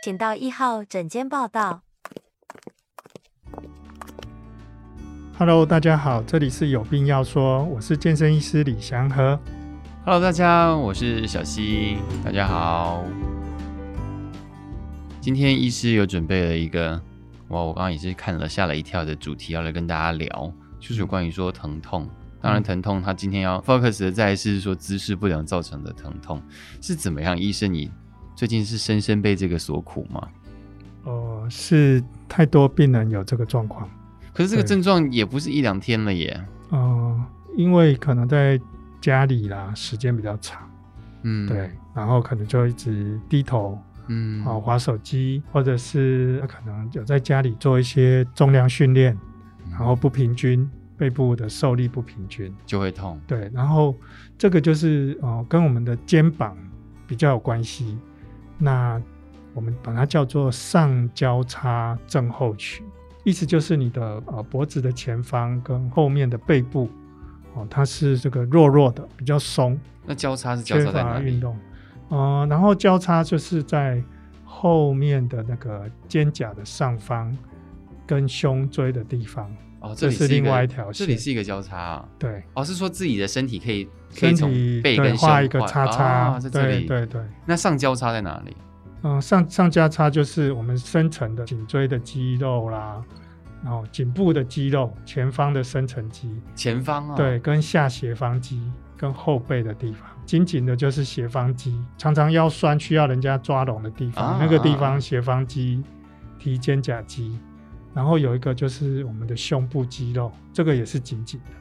請到一號診間報道。Hello，大家好，這裡是有病要說，我是健身醫師李祥和。Hello，大家好，我是小奚，大家好。今天醫師有準備了一個，哇，我剛剛也是看了嚇了一跳的主題，要來跟大家聊，就是有關於說疼痛。當然，疼痛它今天要 focus 的在是說姿勢不良造成的疼痛是怎麼樣？醫生你。最近是深深被這個所苦嗎？哦、呃，是太多病人有這個狀況，可是這個症狀對也不是一兩天了耶。呃，因為可能在家裡啦，時間比較長，嗯，對，然後可能就一直低頭，嗯、哦，滑手機，或者是可能有在家裡做一些重量訓練，嗯、然後不平均，背部的受力不平均就會痛。對，然後這個就是哦、呃，跟我們的肩膀比較有關係。那我們把它叫做上交叉症候群，意思就是你的呃脖子的前方跟後面的背部，哦，它是這個弱弱的，比較鬆。那交叉是交叉在哪裡？缺乏運動，嗯、呃，然後交叉就是在後面的那個肩胛的上方跟胸椎的地方。哦，這裡是，這是另外一條線，這裡是一個交叉，啊，對，而、哦、是說自己的身體可以，身體，身體對，畫一個叉叉，啊、對對對。那上交叉在哪裡？嗯，上上交叉就是我們深層的頸椎的肌肉啦，然後頸部的肌肉，前方的深層肌，前方啊，對，跟下斜方肌跟後背的地方，緊緊的，就是斜方肌，常常腰酸需要人家抓攏的地方，啊、那個地方斜方肌、提肩胛肌，然後有一個就是我們的胸部肌肉，這個也是緊緊的。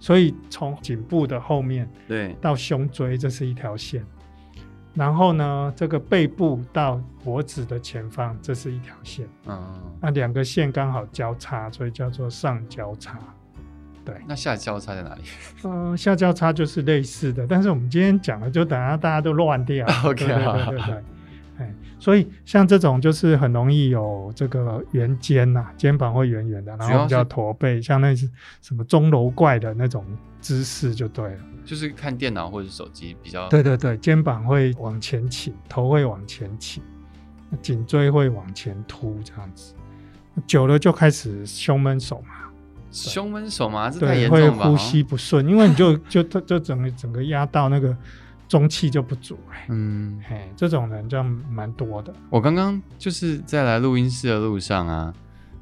所以從頸部的後面，對，到胸椎，這是一條線。對然後呢，這個背部到脖子的前方，這是一條線。嗯、哦，那兩個線剛好交叉，所以叫做上交叉。對。那下交叉在哪裡？嗯、呃，下交叉就是類似的，但是我們今天講的就等下大家都亂掉。啊、OK，對，對。好對所以像這種就是很容易有這個圓肩吶、啊，肩膀會圓圓的，然後比較駝背，要像那是什麼鐘樓怪的那種姿勢就對了，就是看電腦或者手機比較。對對對，肩膀會往前傾，頭會往前傾，頸椎會往前凸，這樣子久了就開始胸悶手麻，胸悶手麻，這太嚴重了。對，會呼吸不順，因為你就 就就，就整個整個壓到那個。中氣就不足。欸，嗯，嘿，這種人就蠻多的。我剛剛就是在來錄音室的路上啊，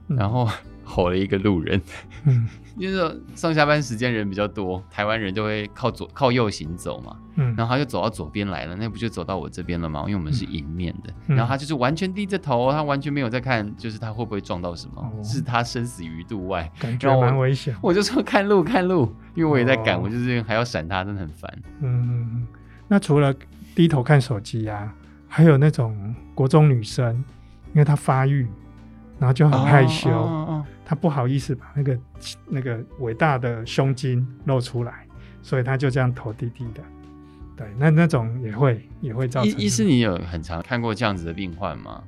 嗯、然後吼了一個路人，嗯，就是上下班時間人比較多，台灣人就會靠左靠右行走嘛，嗯，然後他就走到左邊來了，那不就走到我這邊了嗎？因為我們是迎面的，嗯嗯、然後他就是完全低着頭，他完全沒有在看，就是他會不會撞到什麼，哦、是他生死於度外，感覺蠻危險。我就說看路看路，因為我也在趕，哦、我就是還要閃他，真的很煩，嗯。那除了低頭看手機啊，還有那種國中女生，因為她發育，然後就很害羞，哦哦哦、她不好意思把那個那個偉大的胸襟露出來，所以她就這樣，頭低低的。對，那那種也會也會造成。醫師，你有很常看過這樣子的病患嗎？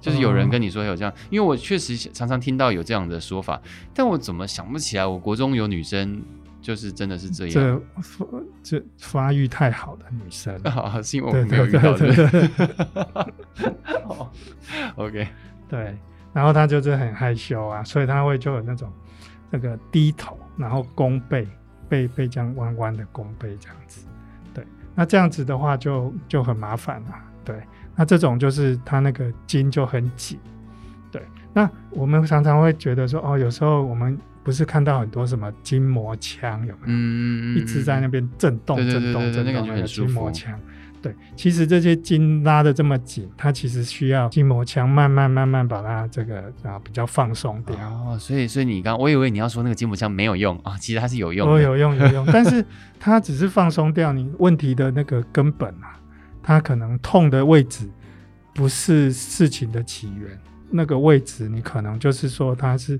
就是有人跟你說有這樣，嗯、因為我確實常常聽到有這樣的說法，但我怎麼想不起來、啊，我國中有女生。就是真的是這樣，這這發育太好的女生，好、啊、是因為我們沒有遇到的。 Oh, OK, 對，然後她就是很害羞啊，所以她會就有那種那個低頭，然後弓背，背背這樣彎彎的弓背這樣子，對，那這樣子的話就就很麻煩了，啊，對，那這種就是她那個筋就很緊，對，那我們常常會覺得說，哦，有時候我們。不是看到很多什麼筋膜槍有沒有？嗯，一直在那邊震動震動震動，那個很舒服。筋膜槍。對，其實這些筋拉得這麼緊，它其實需要筋膜槍慢慢慢慢把它這個啊比較放鬆掉。哦，所以所以你剛我以為你要說那個筋膜槍沒有用啊，其實它是有用的。有用有用，但是它只是放鬆掉你問題的那個根本啊。 它可能痛的位置不是事情的起源，那個位置你可能就是說它是。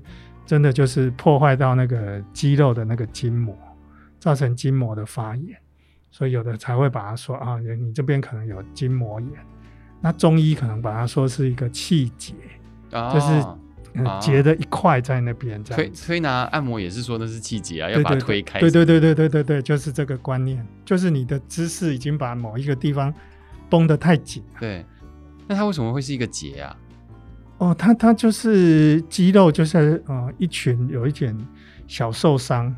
真的就是破壞到那個肌肉的那個筋膜，造成筋膜的發炎，所以有的才會把它說啊，你這邊可能有筋膜炎。那中醫可能把它說是一個氣結，啊、就是結的一塊在那邊這樣、啊、推推拿、按摩也是說那是氣結啊，對對對，要把它推開是不是？對對對對對對，就是這個觀念，就是你的姿勢已經把某一個地方繃得太緊。對，那它為什麼會是一個結啊？哦，它它就是肌肉，就是呃，一群有一點小受傷，oh,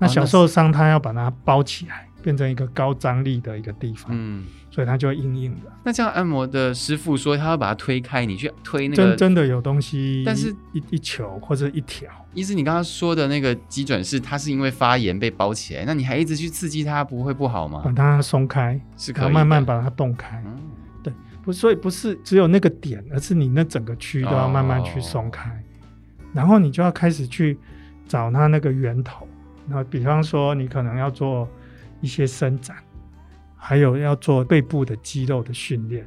那小受傷它要把它包起來，是變成一個高張力的一個地方，嗯，所以它就會硬硬的。那這樣按摩的師傅說，他要把它推開你，你去推那個，真真的有東西，但是一一球或者一條。意思你剛剛說的那個基準是它是因為發炎被包起來，那你還一直去刺激它，不會不好嗎？把它鬆開，是可以慢慢把它動開。嗯不，所以不是只有那個點，而是你那整個區域都要慢慢去鬆開，oh. 然後你就要開始去找它那個源頭。那比方說，你可能要做一些伸展，還有要做背部的肌肉的訓練，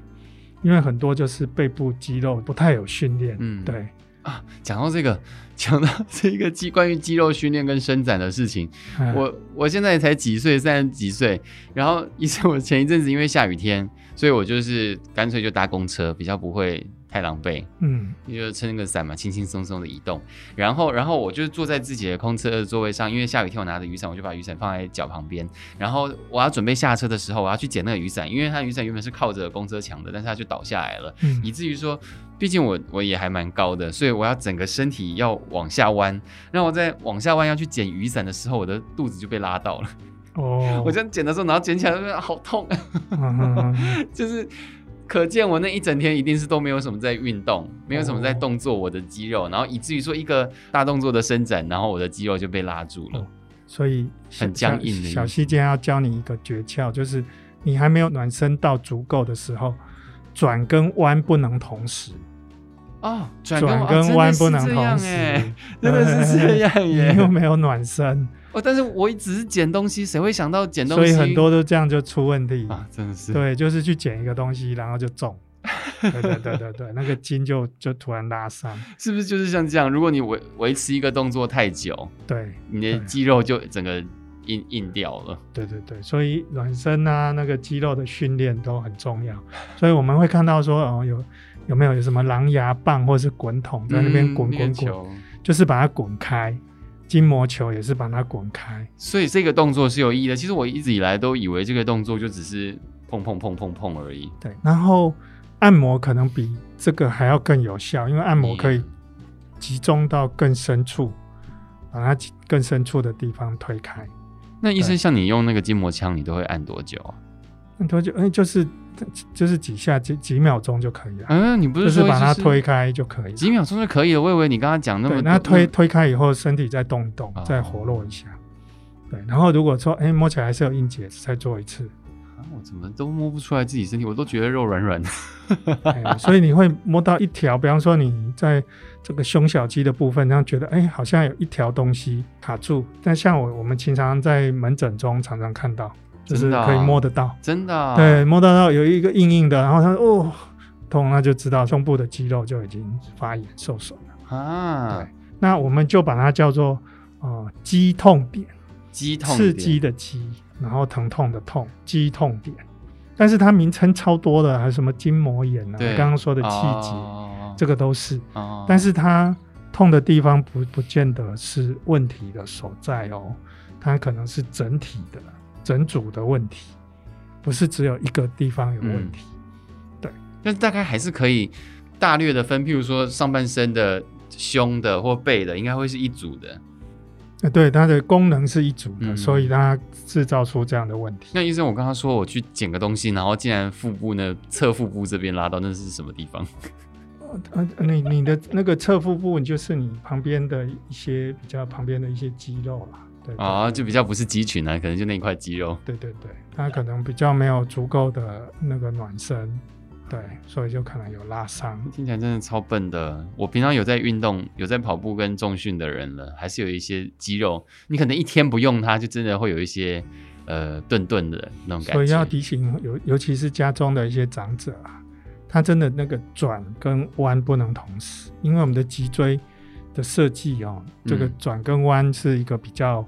因為很多就是背部肌肉不太有訓練，嗯，對。啊，講到這個，講到這一個肌關於肌肉訓練跟伸展的事情，嗯、我我現在才幾歲，三十幾歲，然後，醫生，我前一陣子因為下雨天，所以我就是乾脆就搭公車，比較不會。太狼狽，嗯，就是撐個傘嘛，輕輕鬆鬆的移動。然後，然後我就坐在自己的空車的座位上，因為下雨天我拿着雨傘，我就把雨傘放在腳旁邊。然後我要準備下車的時候，我要去撿那個雨傘，因為它的雨傘原本是靠着公車牆的，但是它就倒下來了，嗯、以至於說，畢竟我我也還蠻高的，所以我要整個身體要往下彎。讓我在往下彎要去撿雨傘的時候，我的肚子就被拉到了。哦， 我這樣撿的時候，然後撿起來，好痛，哦、 就是。可見我那一整天一定是都沒有什麼在運動，沒有什麼在動作我的肌肉，哦、然後以至於說一個大動作的伸展，然後我的肌肉就被拉住了。哦、所以很僵硬小，小奚今天要教你一個訣竅，就是你還沒有暖身到足夠的時候，轉跟彎不能同時。哦，轉跟彎不能同時。啊，真的是這樣耶！欸！又對沒有暖身哦，但是我只是撿東西，誰會想到撿東西？所以很多都這樣就出問題，啊、真的是。對，就是去撿一個東西，然後就中。對 對對對對，那個筋就就突然拉傷，是不是就是像這樣？如果你維維持一個動作太久，對，你的肌肉就整個硬硬掉了。對對對，所以暖身啊，那個肌肉的訓練都很重要。所以我們會看到說，哦，有。有沒有，有什麼狼牙棒或者是滾筒在那邊滾滾滾，嗯、球就是把它滾開。筋膜球也是把它滾開，所以這個動作是有意義的。其實我一直以來都以為這個動作就只是碰碰碰碰碰而已。對，然後按摩可能比這個還要更有效，因為按摩可以集中到更深處，嗯、把它更深處的地方推開。那醫生對像你用那個筋膜槍，你都會按多久啊？按多久？嗯，就是。就是幾下幾幾秒鐘就可以了。嗯，你不是,說就,是就,就是把它推開就可以幾秒鐘就可以了。我以為，你剛剛講那麼，那推推開以後，身體再動一動，哦、再活絡一下。對，然後如果說哎、欸，摸起來還是有硬結，再做一次。啊，我怎麼都摸不出來自己身體，我都覺得肉軟軟的。所以你會摸到一條，比方說你在這個胸小肌的部分，然後覺得哎、欸，好像有一條東西卡住。但像我我們經常在門診中常常看到。就、啊、是可以摸得到，真的，啊，對，摸得到有一個硬硬的，然後他哦痛，那就知道胸部的肌肉就已經發炎受損了啊。對，那我們就把它叫做呃肌痛點，肌痛點刺激的肌，然後疼痛的痛，嗯、肌痛點。但是它名稱超多的，還有什麼筋膜炎啊？剛剛對說的氣節，哦、這個都是。哦、但是它痛的地方不不見得是問題的所在哦，它可能是整體的。整組的問題，不是只有一個地方有問題。嗯、對，但是大概還是可以大略的分，譬如說上半身的胸的或背的，應該會是一組的、呃。對，它的功能是一組的，嗯、所以它制造出這樣的問題。那醫生，我跟他說，我去撿個東西，然後竟然腹部呢，側腹部這邊拉到，那是什麼地方？呃、你你的那個側腹部，就是你旁邊的一些比較旁邊的一些肌肉啦。對啊，oh, 就比較不是肌群啊，可能就那一塊肌肉。對對對，他可能比較沒有足夠的那個暖身，對，所以就可能有拉傷。聽起來真的超笨的，我平常有在運動，有在跑步跟重訓的人了，還是有一些肌肉，你可能一天不用它，就真的會有一些呃鈍鈍的那種感覺。所以要提醒尤尤其是家中的一些長者啊，他真的那個轉跟彎不能同時，因為我們的脊椎，的設計哦，這個轉跟彎是一個比較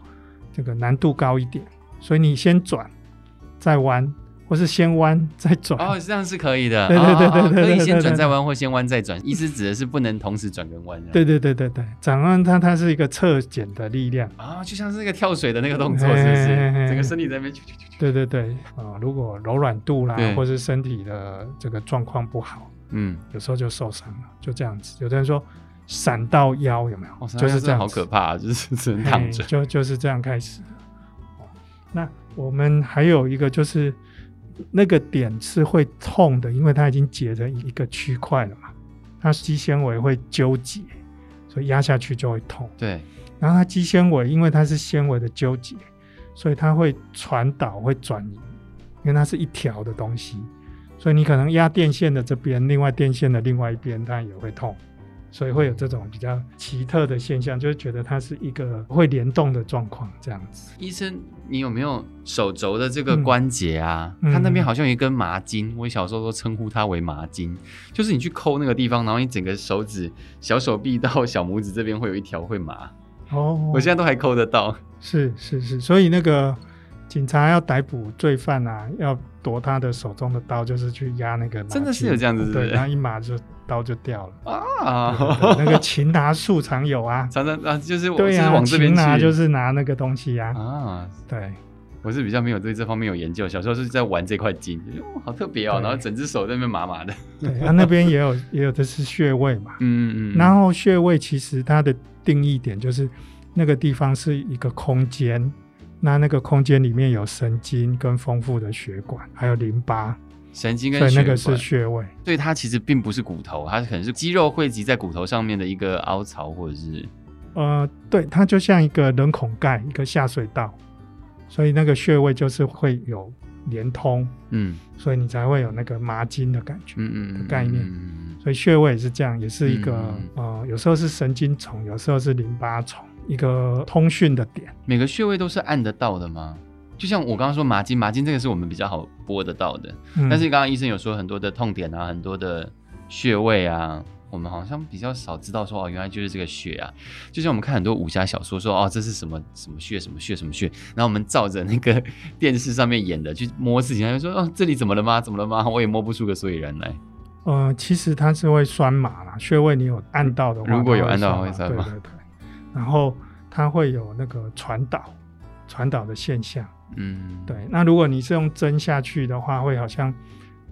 這個難度高一點，嗯、所以你先轉再彎，或是先彎再轉。哦，這樣是可以的。對對對對,對、哦哦、可以先轉再彎，或先彎再轉。 意思指的是不能同時轉跟彎、啊。對對對對對，轉彎它它是一個側剪的力量啊、哦，就像是那個跳水的那個動作，是不是？嘿嘿整個身體在那邊。對對對啊、呃，如果柔軟度啦，對或是身體的這個狀況不好，嗯，有時候就受傷了，就這樣子。有的人說。閃到腰有沒有？哦啊、就是這樣好可怕，就是只能躺着。就就是這樣開始 那我們還有一個就是，那個點是會痛的，因為它已經結成一個區塊了嘛，它肌纖維會糾結，所以壓下去就會痛。對。然後它肌纖維，因為它是纖維的糾結，所以它會傳導會轉移，因為它是一條的東西，所以你可能壓電線的這邊，另外電線的另外一邊，它也會痛。所以會有這種比較奇特的現象，就是覺得它是一個會聯動的狀況這樣子。醫生，你有沒有手肘的這個關節啊？它、嗯、那邊好像有一根麻筋，我小時候都稱呼它為麻筋，就是你去摳那個地方，然後你整個手指、小手臂到小拇指這邊會有一條會麻。哦，哦，我現在都還摳得到。是是是，所以那個警察要逮捕罪犯啊，要。奪他的手中的刀，就是去壓那個，真的是有這樣子是不是？對，然後一麻就刀就掉了啊對對對！那個擒拿術常有啊，常常啊，就是我、啊、就是往這邊拿，就是拿那個東西呀啊！啊對，我是比較沒有對這方面有研究，小時候是在玩這塊筋、哦，好特別哦，對然後整隻手在那邊麻麻的，對，它、 啊、那邊也有也有的是穴位嘛，嗯嗯，嗯然後穴位其實它的定義點就是那個地方是一個空間。那那個空間裡面有神經跟豐富的血管，還有淋巴神經跟，對那個是穴位，所以它其實並不是骨頭，它是可能是肌肉匯集在骨頭上面的一個凹槽或者是呃，對，它就像一個人孔蓋，一個下水道，所以那個穴位就是會有連通，嗯，所以你才會有那個麻筋的感覺，嗯嗯，的概念，嗯嗯嗯嗯，所以穴位也是這樣，也是一個嗯嗯、呃、有時候是神經叢，有時候是淋巴叢。一個通訊的點，每個穴位都是按得到的嗎？就像我剛剛說麻筋，麻筋這個是我們比較好撥得到的。嗯，但是剛剛醫生有說很多的痛點啊，很多的穴位啊，我們好像比較少知道說哦，原來就是這個穴啊。就像我們看很多武俠小說說哦，這是什麼什麼穴，什麼穴，什麼穴，然後我們照着那個電視上面演的去摸自己，他就說哦，這裡怎麼了嗎？怎麼了嗎？我也摸不出個所以然來。呃，其實它是會酸麻啦，穴位你有按到的話，如果有按到的話會酸嗎？對對對然後它會有那個傳導、傳導的現象。嗯，對。那如果你是用針下去的話，會好像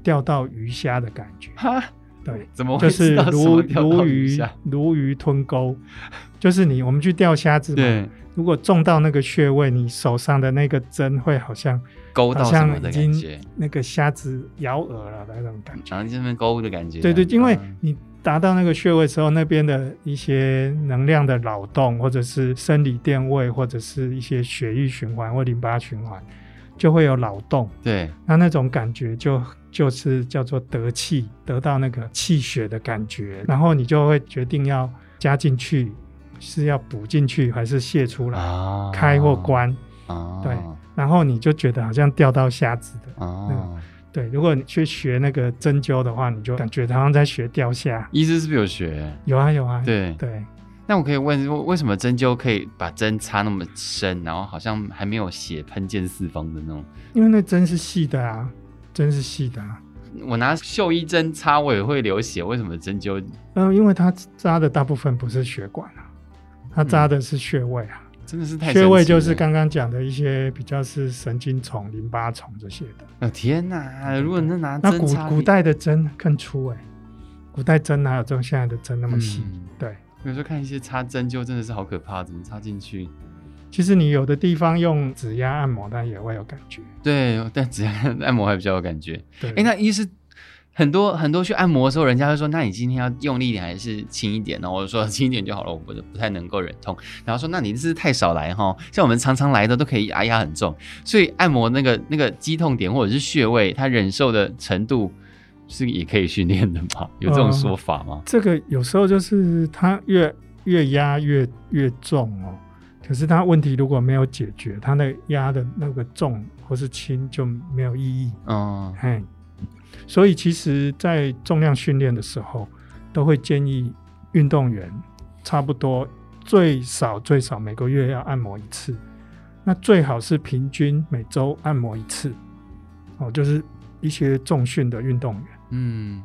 釣到魚蝦的感覺。哈，對，怎麼會知道？就是如如魚、如魚吞鉤， 就是你我們去釣蝦子嘛。對。如果中到那個穴位，你手上的那個針會好像勾到什麼的感覺。已經那個蝦子咬餌了的那種感覺。然後就是那鈎的感覺。對對，因為你。達到那個穴位時候，那邊的一些能量的擾動，或者是生理電位，或者是一些血液循環或淋巴循環，就會有擾動。對，那那種感覺就就是叫做得氣，得到那個氣血的感覺，然後你就會決定要加進去，是要補進去還是瀉出來，啊、開或關。啊、對，然後你就覺得好像釣到蝦子的。啊那個對，如果你去學那個針灸的話，你就感覺好像在學雕像。醫師是不是有學？有啊，有啊。對對。對，那我可以問，為什麼針灸可以把針插那麼深，然後好像還沒有血噴濺四方的那種？因為那針是細的啊，針是細的啊。我拿繡衣針插，我也會流血。為什麼針灸？嗯、呃，因為它扎的大部分不是血管啊，它扎的是穴位啊。嗯真的是太穴位，就是剛剛講的一些比較是神經叢、淋巴叢這些的。呃、天啊，天吶，如果你是拿插那古古代的針，更粗哎、欸，古代針哪有這種現在的針那麼細？嗯、對，有時候看一些插針灸真的是好可怕，怎麼插進去？其實你有的地方用指壓按摩，但也會有感覺。對，但指壓按摩還比較有感覺。對，哎、欸，那醫師。很多很多去按摩的時候，人家會說：“那你今天要用力點還是輕一點呢？”然後我就說：“輕一點就好了。”我不不太能夠忍痛。然後說：“那你這是太少來哈，像我們常常來的都可以，壓壓很重。」所以按摩那個那個激痛點或者是穴位，它忍受的程度是也可以訓練的嘛？有這種說法嗎？嗯，這個有時候就是它越越壓越越重哦。可是它問題如果沒有解決，它那個壓的那個重或是輕就沒有意義。嗯。所以，其實，在重量訓練的時候，都會建議運動員差不多最少最少每個月要按摩一次。那最好是平均每週按摩一次。哦，就是一些重訓的運動員，嗯，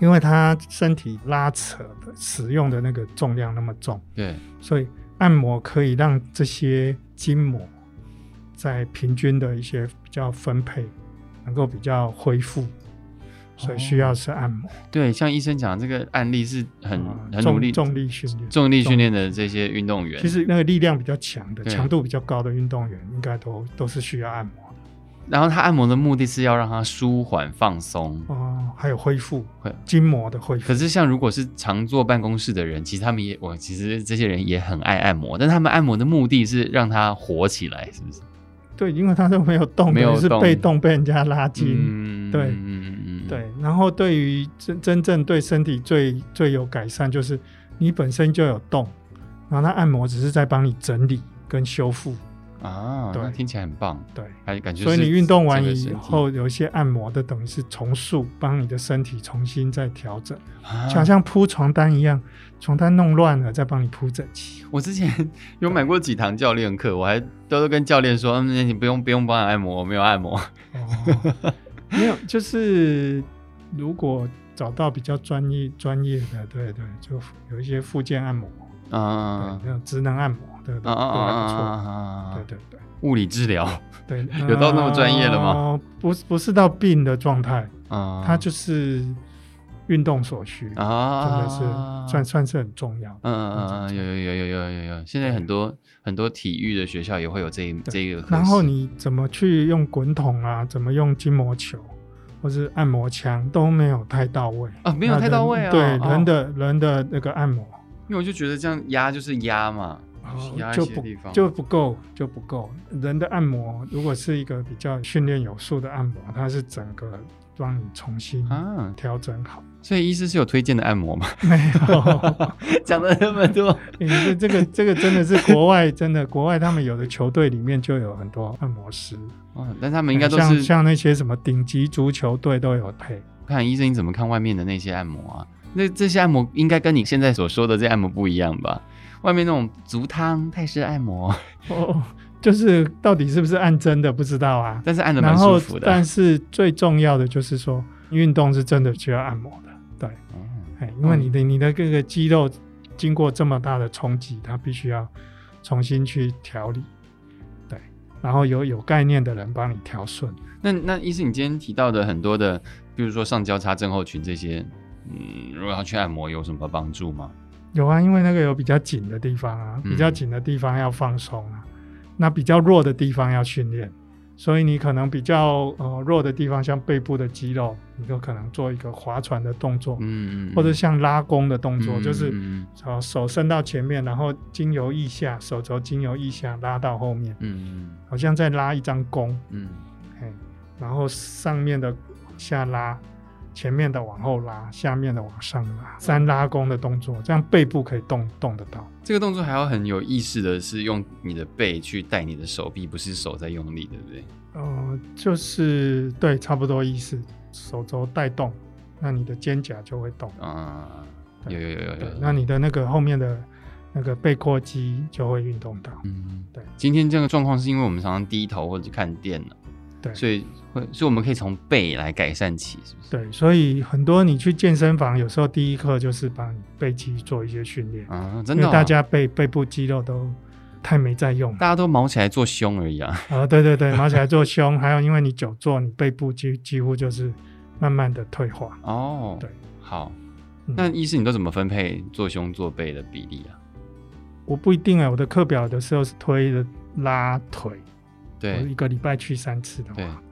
因為他身體拉扯的使用的那個重量那麼重，對，所以按摩可以讓這些筋膜在平均的一些比較分配，能夠比較恢復。所以需要是按摩，哦、對，像醫生講這個案例是很、嗯、很努力重力訓練、重力訓練的這些運動員，其實那個力量比較強的、啊、強度比較高的運動員，應該都都是需要按摩的。然後他按摩的目的是要讓他舒緩放鬆哦，還有恢復，筋膜的恢復。可是像如果是常坐辦公室的人，其實他們也，我、哦、其實這些人也很愛按摩，但他們按摩的目的是讓他活起來，是不是？對，因為他都沒有動，沒有是被動被人家拉筋，嗯、對。對，然後對於真真正對身體最最有改善，就是你本身就有動，然後他按摩只是在幫你整理跟修復啊。對，聽起來很棒，對，還感覺。所以你運動完以後，有一些按摩的，等於是重塑，幫你的身體重新再調整，像、啊、像鋪床單一樣，床單弄亂了再幫你鋪整齊。我之前有買過幾堂教練課，對我還都都跟教練說：“嗯，你不用不用幫我按摩，我沒有按摩。哦” 沒有，就是如果找到比較專業專業的，對，對對，就有一些復健按摩啊，那職、嗯、能按摩，對對，對，都還不錯，嗯嗯嗯嗯、對對對，物理治療，對，嗯、有到那麼專業了嗎？不是，不是到病的狀態啊，他、嗯、就是。運動所需啊，真的是算算是很重要。嗯嗯嗯，有有有有，有有有有。現在很多很多體育的學校也會有這一對這一個。然後你怎麼去用滾筒啊？怎麼用筋膜球，或是按摩槍都沒有太到位啊、哦？沒有太到位啊。對，哦、人的人的那個按摩，因為我就覺得這樣壓就是壓嘛，壓、哦、一些地方就不夠就不夠。人的按摩如果是一個比較訓練有素的按摩，它是整個幫你重新調整好。啊所以醫師是有推薦的按摩嗎？沒有，講了 那麼多、 嗯，這個這個真的是國外真的國外他們有的球隊裡面就有很多按摩師。嗯、哦，但是他們應該都是像，像那些什麼頂級足球隊都有配。我看醫生你怎麼看外面的那些按摩啊？那這些按摩應該跟你現在所說的這些按摩不一樣吧？外面那種足湯、泰式按摩， 哦，就是到底是不是按真的不知道啊？但是按的蠻舒服的。但是最重要的就是說，運動是真的需要按摩。對，嗯、因為你的你的這個肌肉經過這麼大的衝擊，它必須要重新去調理。對，然後有有概念的人幫你調順。那那醫生你今天提到的很多的，比如說上交叉症候群這些，嗯，如果要去按摩，有什麼幫助嗎？有啊，因為那個有比較緊的地方啊，比較緊的地方要放鬆啊，嗯、那比較弱的地方要訓練。所以你可能比較呃弱的地方，像背部的肌肉，你就可能做一個划船的動作，嗯、或者像拉弓的動作，嗯、就是手伸到前面，然後經由腋下，手肘經由腋下拉到後面，嗯嗯、好像在拉一張弓，嗯，然後上面的往下拉。前面的往後拉，下面的往上拉，三拉弓的動作，這樣背部可以動動得到。這個動作還要很有意思的是用你的背去帶你的手臂，不是手在用力，對不對？哦、呃，就是對，差不多意思，手肘帶動，那你的肩胛就會動。啊，有有有有，有，有。那你的那個後面的那個背闊肌就會運動到。嗯哼，對。今天這個狀況是因為我們常常低頭或者看電腦。對所以會，所以我們可以從背來改善起，是不是？對，所以很多你去健身房，有時候第一課就是幫你背肌做一些訓練、嗯、啊，因為大家背背部肌肉都太沒在用了，大家都忙起來做胸而已啊。啊、哦，對對對，忙起來做胸， 還有因為你久坐，你背部肌幾，幾乎就是慢慢的退化哦。對，好，那醫師你都怎麼分配做胸做背的比例啊？嗯、我不一定啊、欸，我的課表的時候是推的拉腿。對，一個禮拜去三次的話，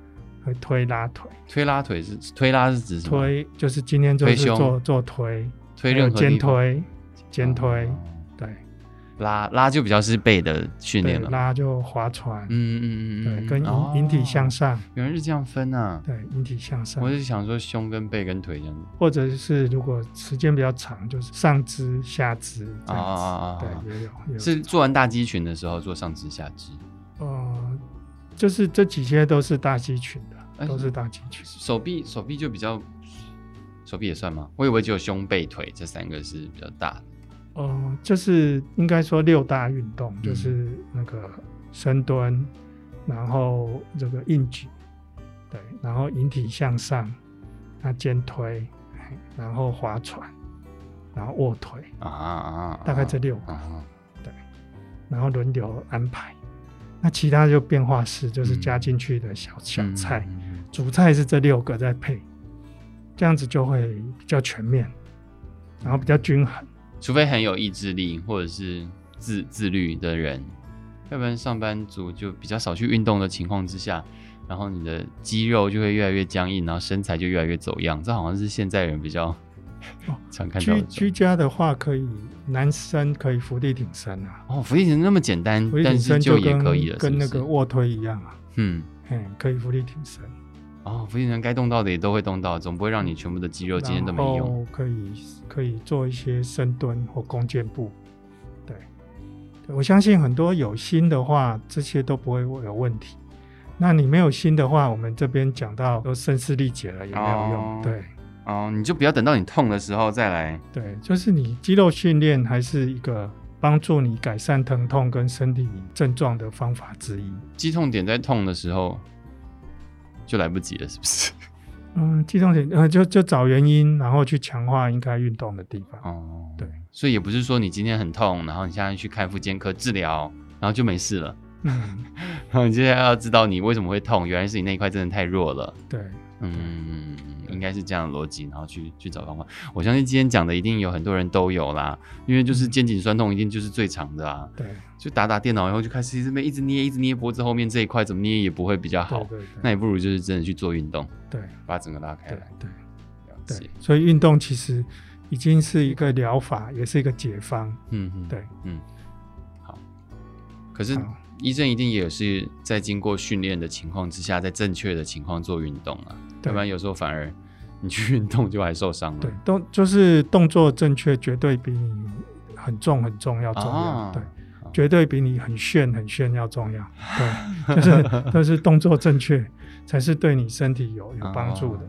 會推拉腿。推拉腿是推拉是指推就是今天做推，做做推，推用肩推，肩推對。拉拉就比較是背的訓練了，拉就划船，嗯嗯嗯，對，跟引體向上。原來是這樣分啊？對，引體向上。我是想說胸跟背跟腿這樣子，或者是如果時間比較長，就是上肢下肢這樣子，對，也有。是做完大肌群的時候做上肢下肢。哦。就是這幾些都是大肌群的，欸、都是大肌群。手臂手臂就比較，手臂也算嗎？我以為只有胸背腿這三個是比較大的。哦、呃，就是應該說六大運動，對就是那個深蹲，然後這個硬舉，對，然後引體向上，那肩推，然後划船，然後臥推啊哈啊，哈啊哈，大概這六個啊哈，對，然後輪流安排。那其他就變化式，就是加進去的小、嗯嗯、小菜，主菜是這六個再配，這樣子就會比較全面，然後比較均衡。除非很有意志力或者是自自律的人，要不然上班族就比較少去運動的情況之下，然後你的肌肉就會越來越僵硬，然後身材就越來越走樣。這好像是現在人比較。哦，常看到居居家的話，可以男生可以伏地挺身啊。哦，伏地挺身那麼簡單，單身就也可以了，跟那個臥推一樣啊。嗯，嗯，可以伏地挺身。哦，伏地挺身，該動到的也都會動到，總不會讓你全部的肌肉今天都沒用。可以可以做一些深蹲或弓箭步。對，對我相信很多有心的話，這些都不會有問題。那你沒有心的話，我們這邊講到都聲嘶力竭了也沒有用。哦、對。哦，oh, 你就不要等到你痛的時候再來。對，就是你肌肉訓練還是一個幫助你改善疼痛跟身體症狀的方法之一。肌痛點在痛的時候就來不及了，是不是？嗯，肌痛點呃，就就找原因，然後去強化應該運動的地方。哦，oh, 對，所以也不是說你今天很痛，然後你現在去看復健科治療，然後就沒事了。嗯， 然後你現在要知道你為什麼會痛，原來是你那一塊真的太弱了。對。嗯、嗯、嗯，應該是這樣的邏輯，然後去去找方法。我相信今天講的一定有很多人都有啦，因為就是肩頸痠痛，一定就是最長的啦。對，就打打電腦以後就開始這邊一直捏，一直捏脖子後面這一塊，怎麼捏也不會比較好。對對對，那也不如就是真的去做運動，對，把整個拉開來。對、對、對，了解。對，所以運動其實已經是一個療法，也是一個解方。嗯哼，對，嗯，好。可是醫生一定也是在經過訓練的情況之下，在正確的情況做運動啊。要不然有時候反而你去運動就還受傷了。對，動就是動作正確，絕對比你很重很重要。重要、哦、對，哦、絕對比你很炫很炫要重要。對， 就是、就是動作正確，才是對你身體有有幫助的。哦、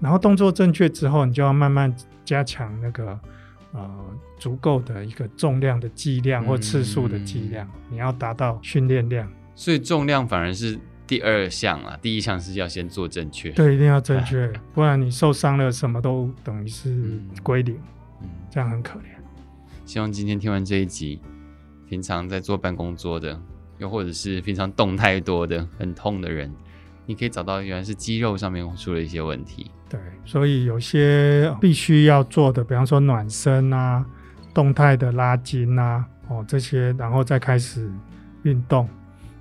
然後動作正確之後，你就要慢慢加強那個呃足夠的一個重量的劑量或次數的劑量，嗯、你要達到訓練量。所以重量反而是。第二項啊，第一項是要先做正確。對，一定要正確，唉不然你受傷了，什麼都等於是歸零，嗯、這樣很可憐。希望今天聽完這一集，平常在坐辦公桌的，又或者是平常動太多的、很痛的人，你可以找到原來是肌肉上面出了一些問題。對，所以有些必須要做的，比方說暖身啊、動態的拉筋啊，哦，這些，然後再開始運動。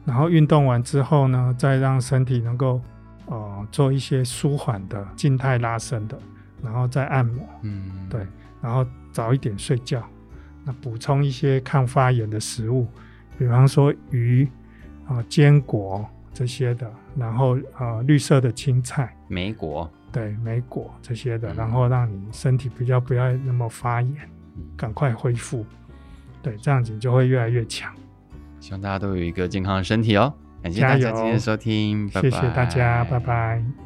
然後運動完之後呢，再讓身體能夠呃做一些舒緩的靜態拉伸的，然後再按摩。嗯，對。然後早一點睡覺，那補充一些抗發炎的食物，比方說魚啊、呃、堅果這些的，然後呃綠色的青菜、莓果，對莓果這些的，然後讓你身體比較不要那麼發炎，趕快恢復。對，這樣子你就會越來越強。希望大家都有一個健康的身體哦！感謝大家今天的收聽，加油。拜拜。謝謝大家，拜拜。